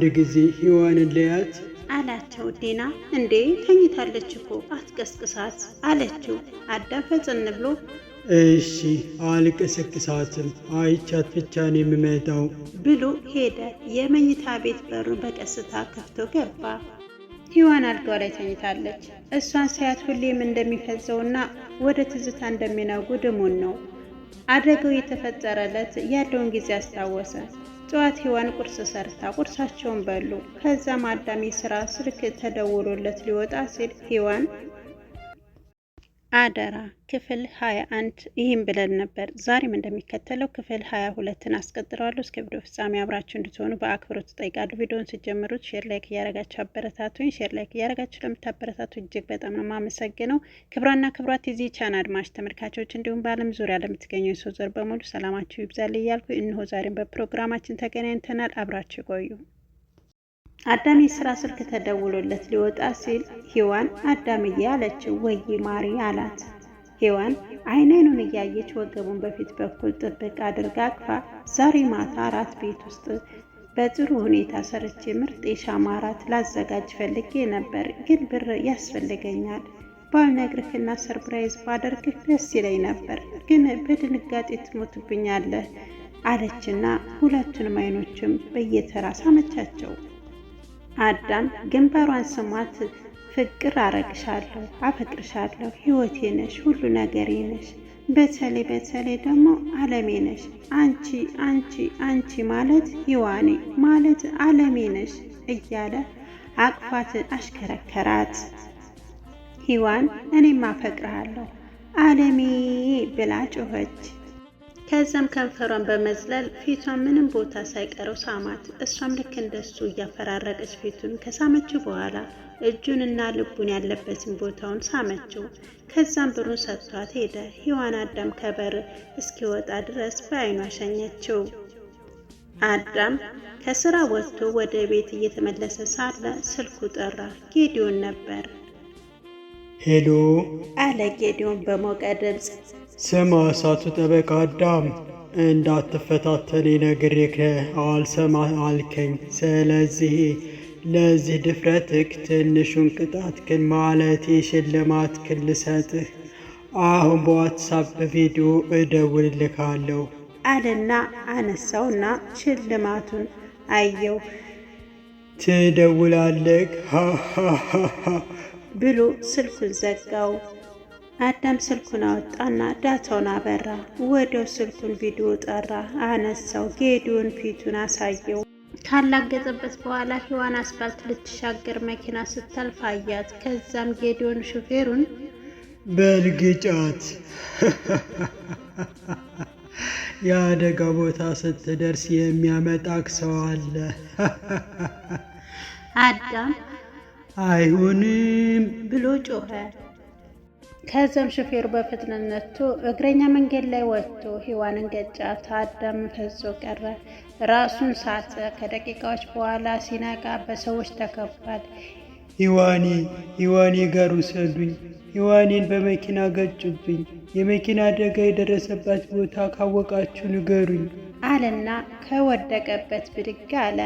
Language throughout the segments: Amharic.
አንድ ጊዜ ሔዋንን ለያት አላቸው። ዲና እንዴ ተኝታለች እኮ አትቀስቅሳት አለችው። አዳም ፈጽን ብሎ እሺ አልቀሰቅሳትም፣ አይቻት ብቻ ነው የምመጣው ብሎ ሄደ። የመኝታ ቤት በሩ በቀስታ ከፍቶ ገባ። ሔዋን አልጋው ላይ ተኝታለች። እሷን ሲያት ሁሌም እንደሚፈዘውና ወደ ትዝታ እንደሚናጉ ድሙን ነው አደገው የተፈጠረለት ያለውን ጊዜ አስታወሰ። ጠዋት ሔዋን ቁርስ ሰርታ ቁርሳቸውን በሉ። ከዛም አዳሚ ስራ ስልክ ተደውሎለት ሊወጣ ሲል ሔዋን አደራ ክፍል 21 ይህም ብለን ነበር። ዛሬም እንደሚከተለው ክፍል 22ን አስቀጥለዋለሁ። እስከ ቪዲዮ ፍጻሜ አብራችሁ እንድትሆኑ በአክብሮት እጠይቃለሁ። ቪዲዮን ስጀምሩት ሼር ላይክ እያረጋችሁ አበረታቱኝ። ሼር ላይክ እያረጋችሁ ለምታበረታቱ እጅግ በጣም ነው የማመሰግነው። ክብሯና ክብሯት የዚህ ቻን አድማጭ ተመልካቾች እንዲሁም በዓለም ዙሪያ ለምትገኙ የሰው ዘር በሙሉ ሰላማችሁ ይብዛል እያልኩ እንሆ ዛሬም በፕሮግራማችን ተገናኝተናል። አብራችሁ ቆዩ። አዳም የስራ ስልክ ተደውሎለት ሊወጣ ሲል ሔዋን አዳምዬ አለችው። ወይ ማሪ አላት። ሔዋን አይኔኑን እያየች ወገቡን በፊት በኩል ጥብቅ አድርጋ አቅፋ ዛሬ ማታ አራት ቤት ውስጥ በጥሩ ሁኔታ ሰርቼ ምርጥ የሻማ አራት ላዘጋጅ ፈልጌ ነበር፣ ግን ብር ያስፈልገኛል። ባልነግርህና ሰርፕራይዝ ባደርግህ ደስ ይለኝ ነበር፣ ግን በድንጋጤ ትሞትብኛለህ አለችና ሁለቱንም አይኖችም በየተራ ሳመቻቸው። አዳም ግንባሯን ስሟት ፍቅር አረግሻለሁ፣ አፈቅርሻለሁ፣ ህይወቴ ነሽ፣ ሁሉ ነገሬ ነሽ፣ በተለይ በተለይ ደግሞ አለሜ ነሽ፣ አንቺ አንቺ አንቺ ማለት ህዋኔ ማለት አለሜ ነሽ እያለ አቅፋት አሽከረከራት። ህዋን እኔም አፈቅርሃለሁ አለሜ ብላ ጮኸች። ከዛም ከንፈሯን በመዝለል ፊቷን ምንም ቦታ ሳይቀረው ሳማት። እሷም ልክ እንደሱ እያፈራረቀች ፊቱን ከሳመችው በኋላ እጁን እና ልቡን ያለበትን ቦታውን ሳመችው። ከዛም ብሩን ሰጥቷት ሄደ። ሔዋን አዳም ከበር እስኪወጣ ድረስ በአይኗ ሸኘችው። አዳም ከስራ ወጥቶ ወደ ቤት እየተመለሰ ሳለ ስልኩ ጠራ። ጌዲዮን ነበር። ሄሎ አለ ጌዲዮን በሞቀ ድምፅ። ስማ እሳቱ ጠበቃ አዳም እንዳትፈታተን ነግሬህ አልሰማ አልከኝ። ስለዚህ ለዚህ ድፍረትክ ትንሹን ቅጣት ክን ማለቴ ሽልማት ልሰጥህ አሁን በዋትሳፕ ቪዲዮ እደውልልካለሁ አለና አነሳውና ሽልማቱን አየው። ትደውላለህ ብሎ ስልኩን ዘጋው። አዳም ስልኩን አወጣና ዳታውን አበራ። ወደው ስልኩን ቪዲዮ ጠራ፣ አነሳው። ጌዲዮን ፊቱን አሳየው። ካላገጠበት በኋላ ህዋን አስፋልት ልትሻገር መኪና ስታልፍ አያት። ከዛም ጌዲዮን ሹፌሩን በልግጫት የአደጋ ቦታ ስትደርስ የሚያመጣክ ሰው አለ። አዳም አይሆንም ብሎ ጮኸ። ከዚያም ሹፌሩ በፍጥነቱ እግረኛ መንገድ ላይ ወጥቶ ሔዋንን ገጫት። አዳም ፈዞ ቀረ፣ ራሱን ሳተ። ከደቂቃዎች በኋላ ሲነቃ በሰዎች ተከቧል። ሔዋኔ ሔዋኔ ጋር ውሰዱኝ፣ ሔዋኔን በመኪና ገጩብኝ፣ የመኪና አደጋ የደረሰባት ቦታ ካወቃችሁ ንገሩኝ አለና ከወደቀበት ብድግ አለ።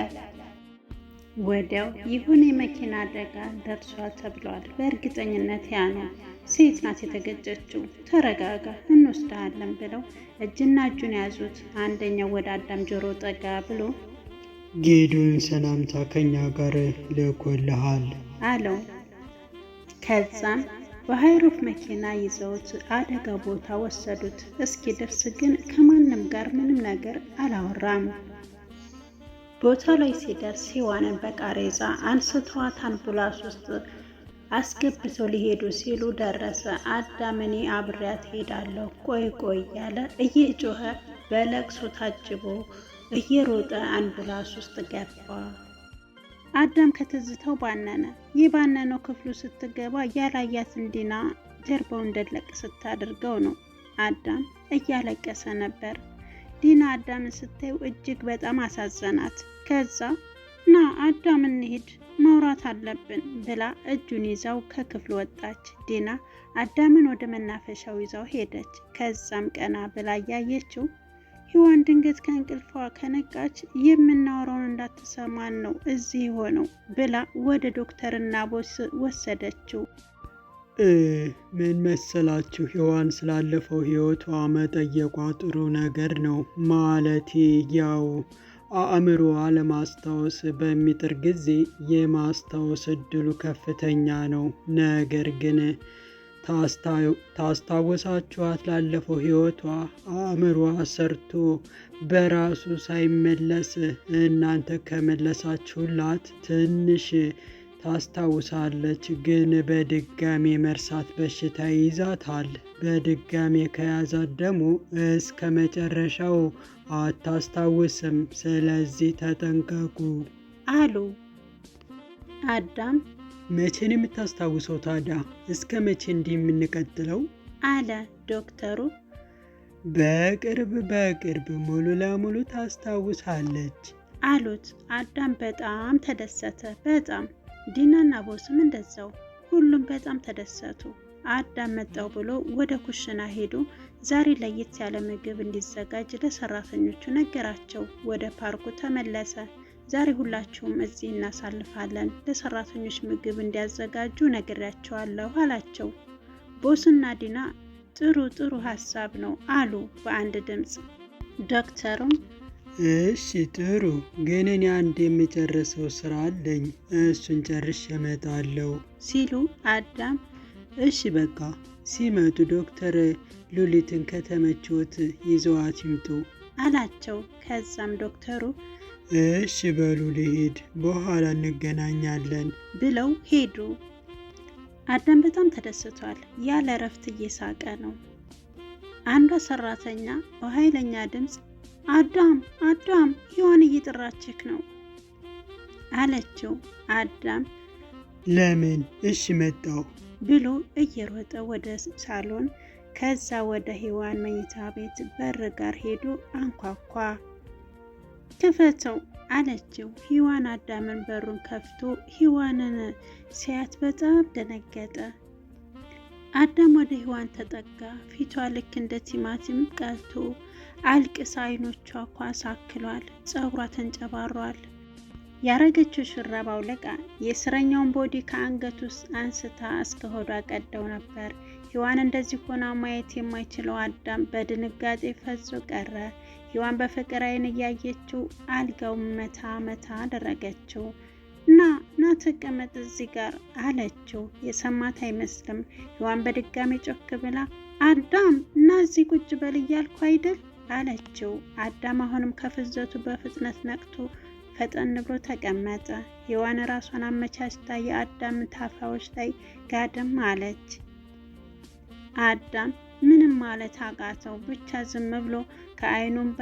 ወዲያው ይሁን የመኪና አደጋ ደርሷል ተብሏል። በእርግጠኝነት ያ ነው። ሴት ናት የተገጨችው። ተረጋጋ እንወስድሃለን ብለው እጅና እጁን ያዙት። አንደኛው ወደ አዳም ጆሮ ጠጋ ብሎ ጌዱን ሰላምታ ከኛ ጋር ልኮልሃል አለው። ከዛም በሃይሮፍ መኪና ይዘውት አደጋ ቦታ ወሰዱት። እስኪ ደርስ ግን ከማንም ጋር ምንም ነገር አላወራም። ቦታ ላይ ሲደርስ ሔዋንን በቃሬዛ አንስተዋት አምቡላንስ ውስጥ አስገብተው ሊሄዱ ሲሉ ደረሰ። አዳም እኔ አብሬያት ሄዳለሁ ቆይ ቆይ እያለ እየጮኸ በለቅሶ ታጅቦ እየሮጠ አምቡላንስ ውስጥ ገባ። አዳም ከትዝታው ባነነ። ይህ ባነነው ክፍሉ ስትገባ ያላያትን ዲና ጀርባው እንደለቅ ስታደርገው ነው። አዳም እያለቀሰ ነበር። ዲና አዳምን ስታየው እጅግ በጣም አሳዘናት። ከዛ ና አዳም እንሂድ ማውራት አለብን ብላ እጁን ይዛው ከክፍል ወጣች። ዲና አዳምን ወደ መናፈሻው ይዛው ሄደች። ከዛም ቀና ብላ እያየችው ህዋን ድንገት ከእንቅልፏ ከነቃች የምናወራውን እንዳትሰማን ነው እዚህ የሆነው ብላ ወደ ዶክተርና ቦስ ወሰደችው። ምን መሰላችሁ ህዋን ስላለፈው ህይወቷ መጠየቋ ጥሩ ነገር ነው። ማለቴ ያው አእምሮዋ ለማስታወስ በሚጥር ጊዜ የማስታወስ እድሉ ከፍተኛ ነው። ነገር ግን ታስታወሳችኋት ላለፈው ህይወቷ አእምሯ ሰርቶ በራሱ ሳይመለስ እናንተ ከመለሳችሁላት ትንሽ ታስታውሳለች፣ ግን በድጋሜ መርሳት በሽታ ይይዛታል። በድጋሜ ከያዛት ደግሞ እስከ መጨረሻው አታስታውስም። ስለዚህ ተጠንቀቁ አሉ። አዳም መቼ ነው የምታስታውሰው ታዲያ? እስከ መቼ እንዲህ የምንቀጥለው? አለ ዶክተሩ። በቅርብ በቅርብ ሙሉ ለሙሉ ታስታውሳለች አሉት። አዳም በጣም ተደሰተ። በጣም ዲናና ቦስም እንደዛው። ሁሉም በጣም ተደሰቱ። አዳም መጣው ብሎ ወደ ኩሽና ሄዱ ዛሬ ለየት ያለ ምግብ እንዲዘጋጅ ለሰራተኞቹ ነገራቸው። ወደ ፓርኩ ተመለሰ። ዛሬ ሁላችሁም እዚህ እናሳልፋለን፣ ለሰራተኞች ምግብ እንዲያዘጋጁ ነግሬያቸዋለሁ አላቸው። ቦስና ዲና ጥሩ ጥሩ ሀሳብ ነው አሉ በአንድ ድምፅ። ዶክተሩም እሺ ጥሩ ግን እኔ አንድ የሚጨርሰው ስራ አለኝ፣ እሱን ጨርሼ እመጣለሁ ሲሉ አዳም እሺ በቃ ሲመጡ ዶክተር ሉሊትን ከተመቾት ይዘዋት ይምጡ አላቸው። ከዛም ዶክተሩ እሺ በሉ ሄድ በኋላ እንገናኛለን ብለው ሄዱ። አዳም በጣም ተደስቷል። ያለ እረፍት እየሳቀ ነው። አንዷ ሰራተኛ በኃይለኛ ድምፅ አዳም አዳም ሔዋን እየጠራችህ ነው አለችው። አዳም ለምን እሺ መጣው ብሎ እየሮጠ ወደ ሳሎን ከዛ ወደ ሔዋን መኝታ ቤት በር ጋር ሄዶ አንኳኳ። ክፈተው አለችው። ሔዋን አዳምን በሩን ከፍቶ ሔዋንን ሲያት በጣም ደነገጠ። አዳም ወደ ሔዋን ተጠጋ። ፊቷ ልክ እንደ ቲማቲም ቀልቶ አልቅሳ አይኖቿ ኳስ አክሏል። ፀጉሯ ተንጨባሯል። ያረገችው ሹራብ አውለቃ የእስረኛውን ቦዲ ከአንገት ውስጥ አንስታ እስከ ሆዷ ቀደው ነበር። ሔዋን እንደዚህ ሆና ማየት የማይችለው አዳም በድንጋጤ ፈዞ ቀረ። ሔዋን በፍቅር አይን እያየችው አልጋው መታ መታ አደረገችው። ና ና ተቀመጥ እዚህ ጋር አለችው። የሰማት አይመስልም። ሔዋን በድጋሚ ጮክ ብላ አዳም እና እዚህ ቁጭ በል እያልኩ አይደል አለችው። አዳም አሁንም ከፍዘቱ በፍጥነት ነቅቶ ፈጠን ብሎ ተቀመጠ። ሔዋን ራሷን አመቻችታ የአዳም ታፋዎች ላይ ጋደም አለች። አዳም ምንም ማለት አቃተው፣ ብቻ ዝም ብሎ ከአይኑም እንባ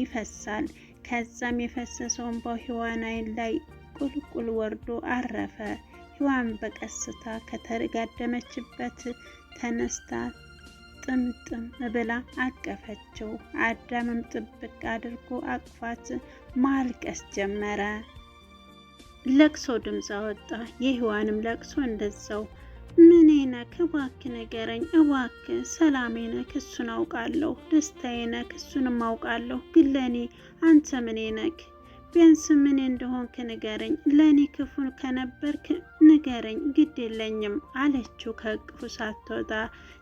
ይፈሳል። ከዛም የፈሰሰው እንባው ሔዋን አይን ላይ ቁልቁል ወርዶ አረፈ። ሔዋን በቀስታ ከተጋደመችበት ተነስታ ጥምጥም ብላ አቀፈችው። አዳምም ጥብቅ አድርጎ አቅፋት ማልቀስ ጀመረ። ለቅሶ ድምፅ አወጣ። የህዋንም ለቅሶ እንደዛው ምኔ ነክ እባክህ ንገረኝ፣ እባክህ ሰላሜ ነክ እሱን አውቃለሁ፣ ደስታዬ ነክ እሱንም አውቃለሁ። ግን ለእኔ አንተ ምኔ ነክ? ቢያንስ ምን እንደሆንክ ንገረኝ። ለእኔ ክፉን ከነበርክ ንገረኝ፣ ግድ የለኝም አለችው። ከእቅፉ ሳትወጣ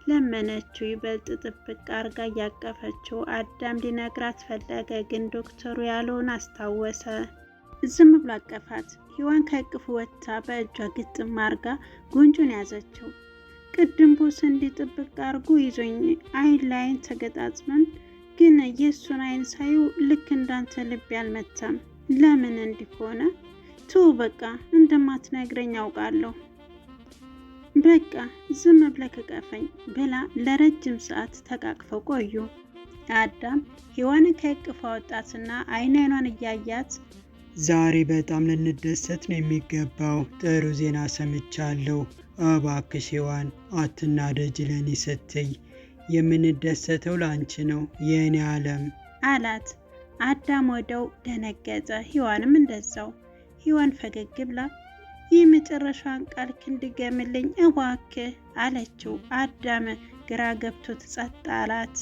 ለመነችው። ይበልጥ ጥብቅ አርጋ እያቀፈችው። አዳም ሊነግራት ፈለገ፣ ግን ዶክተሩ ያለውን አስታወሰ። ዝም ብሎ አቀፋት። ሔዋን ከእቅፉ ወጥታ በእጇ ግጥም አርጋ ጉንጩን ያዘችው። ቅድም ቦስ እንዲህ ጥብቅ አርጎ ይዞኝ አይን ለአይን ተገጣጥመን፣ ግን የእሱን አይን ሳዩ ልክ እንዳንተ ልቤ አልመታም። ለምን እንዲህ ሆነ? ቱ በቃ እንደማትነግረኝ አውቃለሁ። በቃ ዝም ብለህ ከቀፈኝ ብላ ለረጅም ሰዓት ተቃቅፈው ቆዩ። አዳም ሔዋንን ከእቅፏ ወጣትና አይኗኗን እያያት ዛሬ በጣም ልንደሰት ነው የሚገባው። ጥሩ ዜና ሰምቻለሁ። እባክሽ ሔዋን አትናደጅ ለኔ ስትይ የምንደሰተው ለአንቺ ነው የእኔ ዓለም አላት። አዳም ወደው ደነገጠ፣ ሔዋንም እንደዛው ሔዋን ፈገግ ብላ የመጨረሻን ቃል ክንድ ገምልኝ እባክህ አለችው። አዳመ ግራ ገብቶት ጸጥ አላት።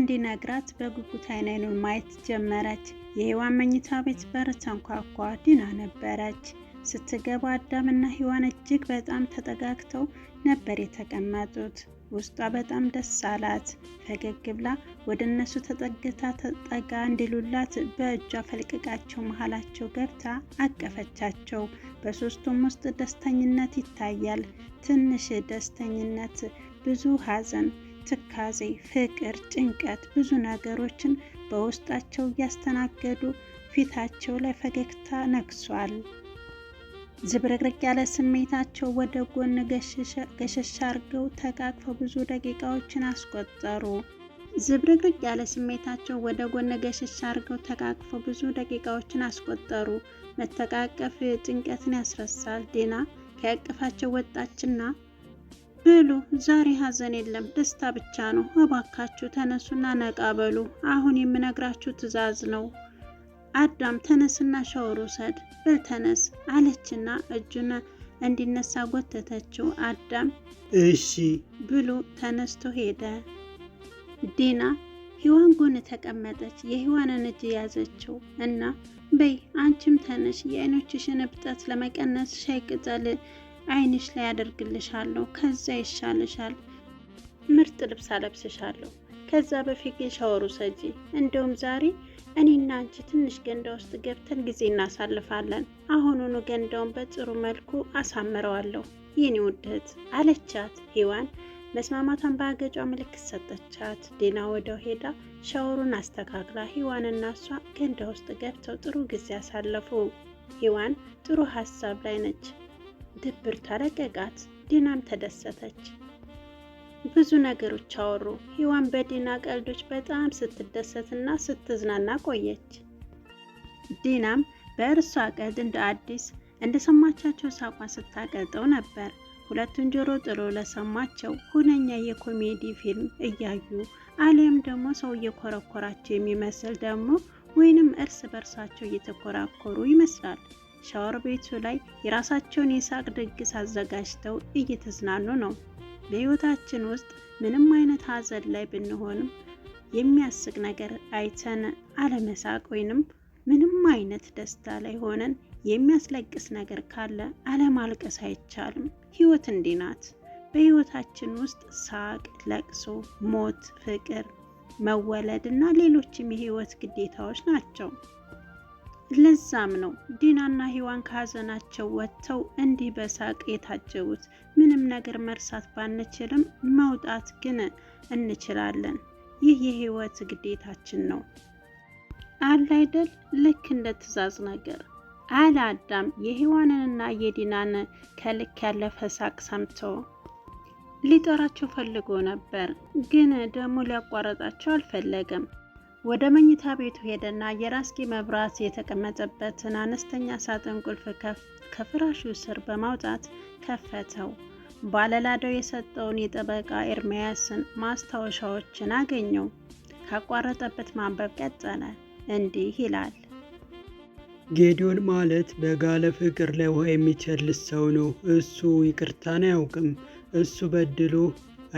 እንዲነግራት በጉጉት አይኑን ማየት ጀመረች። የህይዋን መኝታ ቤት በር ተንኳኳ። ዲና ነበረች። ስትገባ አዳምና ሔዋን እጅግ በጣም ተጠጋግተው ነበር የተቀመጡት። ውስጧ በጣም ደስ አላት። ፈገግ ብላ ወደ እነሱ ተጠግታ ተጠጋ እንዲሉላት በእጇ ፈልቅቃቸው መሀላቸው ገብታ አቀፈቻቸው። በሶስቱም ውስጥ ደስተኝነት ይታያል። ትንሽ ደስተኝነት፣ ብዙ ሀዘን ትካዜ፣ ፍቅር፣ ጭንቀት፣ ብዙ ነገሮችን በውስጣቸው እያስተናገዱ ፊታቸው ላይ ፈገግታ ነግሷል። ዝብርቅርቅ ያለ ስሜታቸው ወደ ጎን ገሸሽ አድርገው ተቃቅፈው ብዙ ደቂቃዎችን አስቆጠሩ። ዝብርቅርቅ ያለ ስሜታቸው ወደ ጎን ገሸሽ አድርገው ተቃቅፈው ብዙ ደቂቃዎችን አስቆጠሩ። መተቃቀፍ ጭንቀትን ያስረሳል። ዴና ከእቅፋቸው ወጣችና ብሉ፣ ዛሬ ሀዘን የለም ደስታ ብቻ ነው። እባካችሁ ተነሱና ነቃ በሉ። አሁን የምነግራችሁ ትዕዛዝ ነው አዳም ተነስና ሻወር ውሰድ በተነስ አለችና እጁን እንዲነሳ ጎተተችው። አዳም እሺ ብሎ ተነስቶ ሄደ። ዲና ሂዋን ጎን ተቀመጠች። የሔዋንን እጅ ያዘችው እና በይ አንቺም ተነሽ፣ የአይኖችሽን እብጠት ለመቀነስ ሻይ ቅጠል አይንሽ ላይ አደርግልሻለሁ፣ ከዛ ይሻልሻል፣ ምርጥ ልብስ አለብስሻለሁ። ከዛ በፊት ግን ሻወሩ ሰጂ እንደውም ዛሬ እኔና አንቺ ትንሽ ገንዳ ውስጥ ገብተን ጊዜ እናሳልፋለን። አሁኑኑ ገንዳውን በጥሩ መልኩ አሳምረዋለሁ የኔ ውድ አለቻት። ሔዋን መስማማቷን በአገጯ ምልክት ሰጠቻት። ዲና ወደው ሄዳ ሻወሩን አስተካክላ ሔዋንና እሷ ገንዳ ውስጥ ገብተው ጥሩ ጊዜ አሳለፉ። ሔዋን ጥሩ ሀሳብ ላይ ነች። ድብርቷ ለቀቃት። ዲናም ተደሰተች። ብዙ ነገሮች አወሩ። ሔዋን በዲና ቀልዶች በጣም ስትደሰትና ስትዝናና ቆየች። ዲናም በእርሷ ቀልድ እንደ አዲስ እንደሰማቻቸው ሳቋ ስታቀልጠው ነበር። ሁለቱን ጆሮ ጥሎ ለሰማቸው ሁነኛ የኮሜዲ ፊልም እያዩ አሊያም ደግሞ ሰው እየኮረኮራቸው የሚመስል ደግሞ ወይንም እርስ በርሳቸው እየተኮራኮሩ ይመስላል። ሻወር ቤቱ ላይ የራሳቸውን የሳቅ ድግስ አዘጋጅተው እየተዝናኑ ነው። በህይወታችን ውስጥ ምንም አይነት ሀዘን ላይ ብንሆንም የሚያስቅ ነገር አይተን አለመሳቅ ወይንም ምንም አይነት ደስታ ላይ ሆነን የሚያስለቅስ ነገር ካለ አለማልቀስ አይቻልም። ህይወት እንዲህ ናት። በህይወታችን ውስጥ ሳቅ፣ ለቅሶ፣ ሞት፣ ፍቅር፣ መወለድ እና ሌሎችም የህይወት ግዴታዎች ናቸው። ለዛም ነው ዲናና ሔዋን ከሀዘናቸው ወጥተው እንዲህ በሳቅ የታጀቡት። ምንም ነገር መርሳት ባንችልም መውጣት ግን እንችላለን። ይህ የህይወት ግዴታችን ነው አለ አይደል? ልክ እንደ ትዕዛዝ ነገር አለ አዳም የሔዋንንና የዲናን ከልክ ያለፈ ሳቅ ሰምቶ ሊጠራቸው ፈልጎ ነበር፣ ግን ደግሞ ሊያቋረጣቸው አልፈለገም። ወደ መኝታ ቤቱ ሄደና የራስጌ መብራት የተቀመጠበትን አነስተኛ ሳጥን ቁልፍ ከፍራሹ ስር በማውጣት ከፈተው። ባለላዳው የሰጠውን የጠበቃ ኤርሚያስን ማስታወሻዎችን አገኘው። ካቋረጠበት ማንበብ ቀጠለ። እንዲህ ይላል። ጌዲዮን ማለት በጋለ ፍቅር ላይ ውሃ የሚቸልስ ሰው ነው። እሱ ይቅርታን አያውቅም። እሱ በድሎ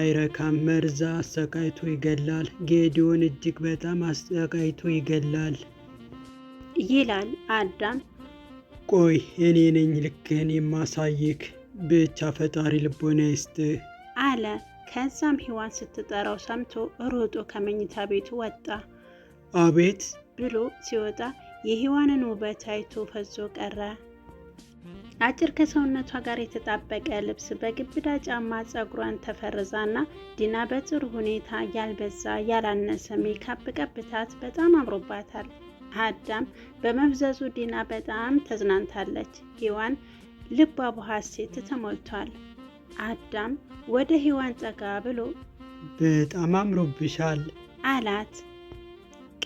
አይረካም። መርዛ አሰቃይቶ ይገላል። ጌዲዮን እጅግ በጣም አሰቃይቶ ይገላል ይላል አዳም። ቆይ እኔ ነኝ ልክህን የማሳይክ፣ ብቻ ፈጣሪ ልቦና ይስጥ አለ። ከዛም ሔዋን ስትጠራው ሰምቶ ሮጦ ከመኝታ ቤቱ ወጣ። አቤት ብሎ ሲወጣ የሔዋንን ውበት አይቶ ፈዞ ቀረ። አጭር ከሰውነቷ ጋር የተጣበቀ ልብስ በግብዳ ጫማ ጸጉሯን ተፈርዛና ዲና በጥሩ ሁኔታ ያልበዛ ያላነሰ ሜካፕ ቀብታት በጣም አምሮባታል። አዳም በመፍዘዙ ዲና በጣም ተዝናንታለች። ሔዋን ልቧ በሐሴት ተሞልቷል። አዳም ወደ ሔዋን ጠጋ ብሎ በጣም አምሮብሻል አላት።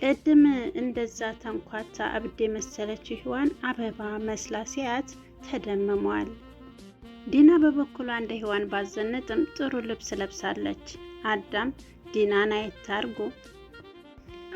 ቅድም እንደዛ ተንኳታ እብድ መሰለች ሔዋን አበባ መስላ ሲያት ተደምሟል። ዲና በበኩሏ እንደ ሔዋን ባዘንጥም ጥሩ ልብስ ለብሳለች። አዳም ዲናን አየት አድርጎ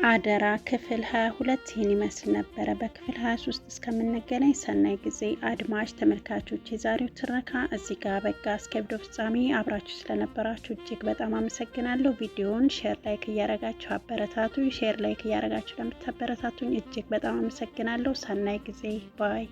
አደራ ክፍል 22 ይህን ይመስል ነበረ። በክፍል 23 እስከምንገናኝ ሰናይ ጊዜ። አድማጭ ተመልካቾች የዛሬው ትረካ እዚህ ጋር በቃ። እስከ ቪዲዮ ፍጻሜ አብራችሁ ስለነበራችሁ እጅግ በጣም አመሰግናለሁ። ቪዲዮውን ሼር ላይክ እያረጋችሁ አበረታቱ። ሼር ላይክ እያረጋችሁ ለምታበረታቱኝ እጅግ በጣም አመሰግናለሁ። ሰናይ ጊዜ ባይ